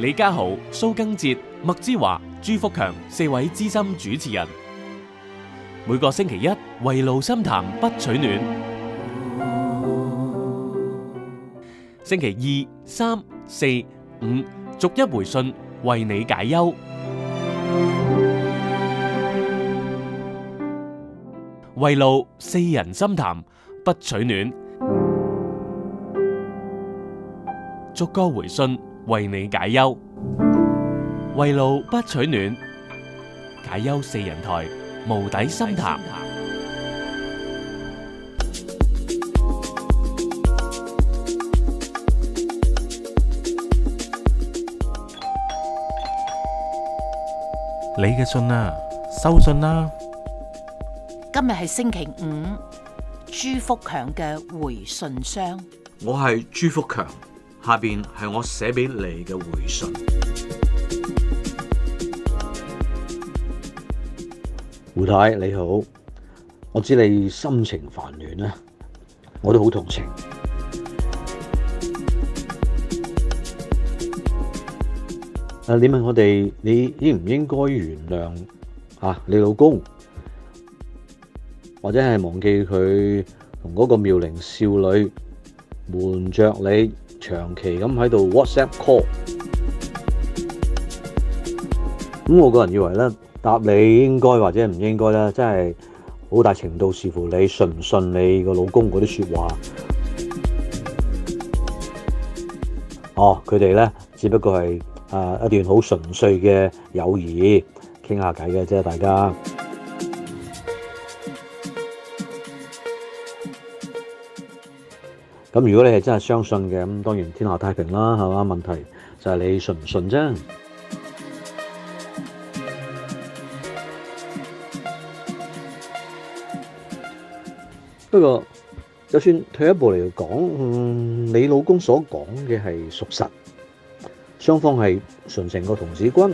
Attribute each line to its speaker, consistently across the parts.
Speaker 1: 李家豪、蘇更哲、麥之華、朱福強四位資深主持人，每個星期一圍爐心談不取暖，星期二、三、四、五逐一回信為你解憂，圍爐四人心談不取暖，逐個回信。為你解憂，為路不取暖。解憂四人台，無底深潭。你嘅信啊，收信啦、
Speaker 2: 啊。今日係星期五，朱福強嘅回信箱。
Speaker 1: 我係朱福強。
Speaker 3: 下邊係我寫俾你嘅回信，胡太你好，我知你心情煩亂啊，我都好同情。啊，你問我哋，你應唔應該原諒啊？你老公或者係忘記佢同嗰個妙齡少女瞞着你？長期咁喺度 WhatsApp call，咁我個人以為咧，答你應該或者唔應該咧，真係好大程度視乎你信唔信你個老公嗰啲説話。哦，佢哋咧，只不過係啊一段好純粹嘅友誼，傾下偈嘅啫，大家。咁如果你係真係相信嘅，咁當然天下太平啦，係嘛？問題就係你信唔信啫。不過，就算退一步嚟講，嗯，你老公所講嘅係屬實，雙方係純情個童子軍。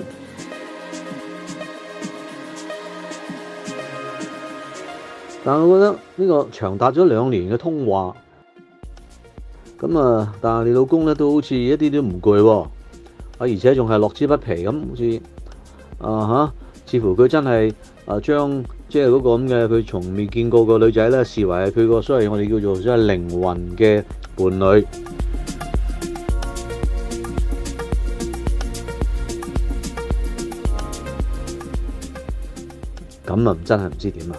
Speaker 3: 但係我覺得呢個長達咗兩年嘅通話。咁啊！但係你老公咧都好似一啲都唔攰喎，啊而且仲係樂之不疲咁，好似啊嚇，似乎佢真係啊將即係嗰個咁嘅佢從未見過個女仔咧，視為係佢個，所謂我哋叫做即係靈魂嘅伴侶。咁啊，真係唔知點啊！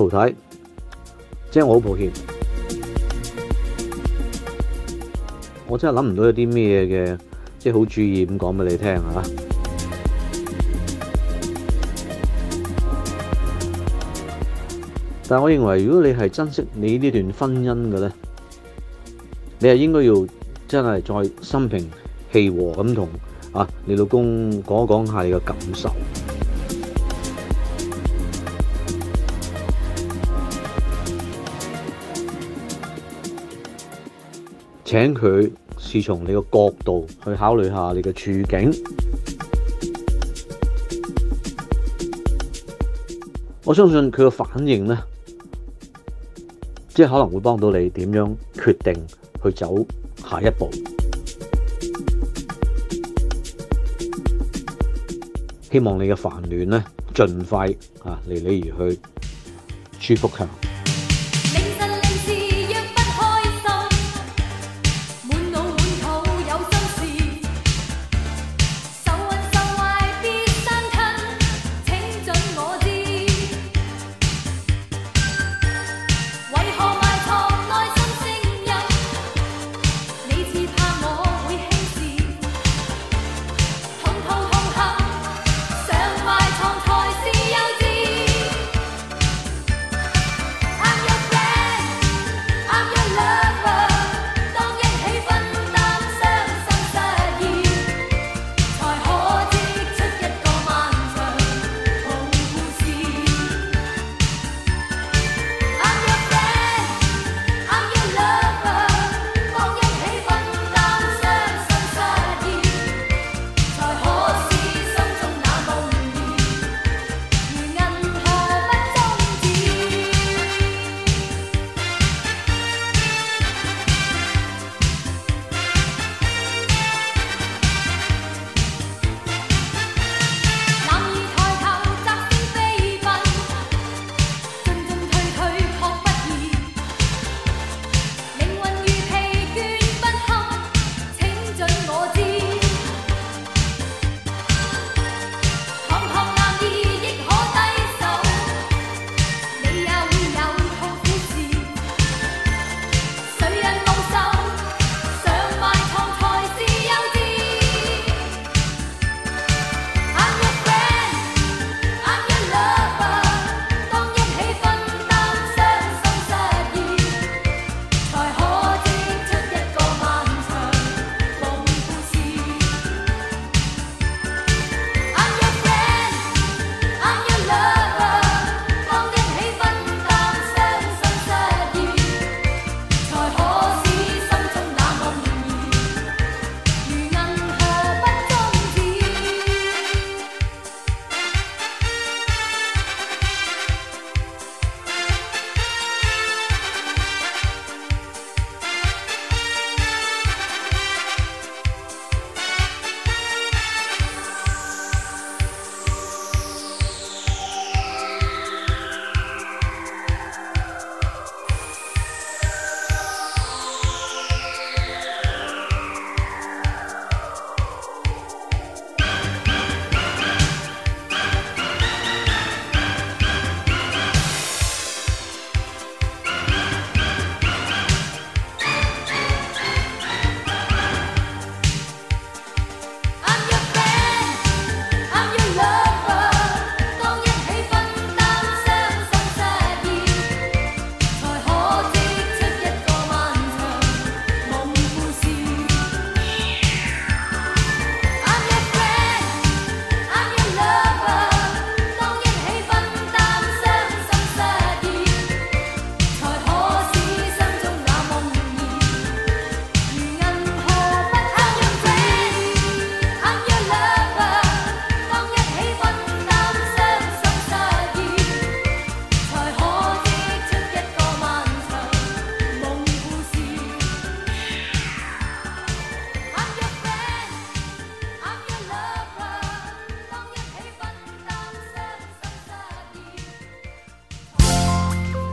Speaker 3: 老太太，即係我好抱歉，我真係諗唔到有啲咩嘅，即係好注意咁講俾你聽啊！但係我認為，如果你係珍惜你呢段婚姻嘅咧，你係應該要真係再心平氣和咁同啊你老公講一講下你嘅感受。請佢視從你個角度去考慮下你嘅處境，我相信佢嘅反應呢，即可能會幫到你點樣決定去走下一步。希望你嘅煩亂呢，盡快嚇，離你而去，朱福強！